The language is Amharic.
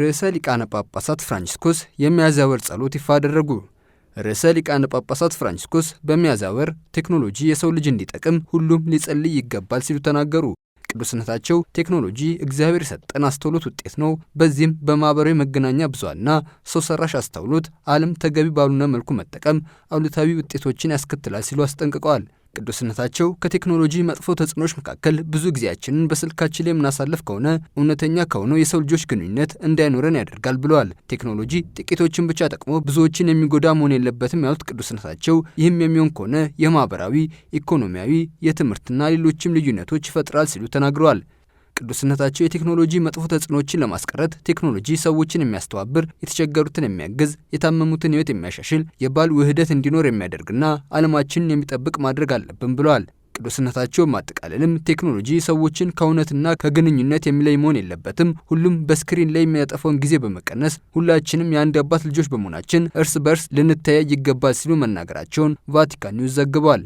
ርዕሰ ሊቃነ ጳጳሳት ፍራንቺስኮስ የሚያዝያ ወር ጸሎት ይፋ አደረጉ። ርዕሰ ሊቃነ ጳጳሳት ፍራንቺስኮስ በሚያዝያ ወር ቴክኖሎጂ የሰው ልጅ እንዲጠቅም ሁሉም ሊጸልይ ይገባል ሲሉ ተናገሩ። ቅዱስነታቸው ቴክኖሎጂ እግዚአብሔር የሰጠን አስተውሎት ውጤት ነው፣ በዚህም በማህበራዊ መገናኛ ብዙሃንና ሰው ሰራሽ አስተውሎት ዓለም ተገቢ ባልሆነ መልኩ መጠቀም አሉታዊ ውጤቶችን ያስከትላል ሲሉ አስጠንቅቀዋል። ቅዱስነታቸው ከቴክኖሎጂ መጥፎ ተጽዕኖች መካከል ብዙ ጊዜያችንን በስልካችን ላይ የምናሳልፍ ከሆነ እውነተኛ ከሆነው የሰው ልጆች ግንኙነት እንዳይኖረን ያደርጋል ብለዋል። ቴክኖሎጂ ጥቂቶችን ብቻ ጠቅሞ ብዙዎችን የሚጎዳ መሆን የለበትም ያሉት ቅዱስነታቸው ይህም የሚሆን ከሆነ የማህበራዊ ኢኮኖሚያዊ፣ የትምህርትና ሌሎችም ልዩነቶች ይፈጥራል ሲሉ ተናግረዋል። ቅዱስነታቸው የቴክኖሎጂ መጥፎ ተጽዕኖዎችን ለማስቀረት ቴክኖሎጂ ሰዎችን የሚያስተባብር፣ የተቸገሩትን የሚያግዝ፣ የታመሙትን ህይወት የሚያሻሽል፣ የባህል ውህደት እንዲኖር የሚያደርግና ዓለማችንን የሚጠብቅ ማድረግ አለብን ብለዋል። ቅዱስነታቸው ማጠቃለልም ቴክኖሎጂ ሰዎችን ከእውነትና ከግንኙነት የሚለይ መሆን የለበትም። ሁሉም በስክሪን ላይ የሚያጠፈውን ጊዜ በመቀነስ ሁላችንም የአንድ አባት ልጆች በመሆናችን እርስ በርስ ልንተያይ ይገባል ሲሉ መናገራቸውን ቫቲካን ኒውስ ዘግቧል።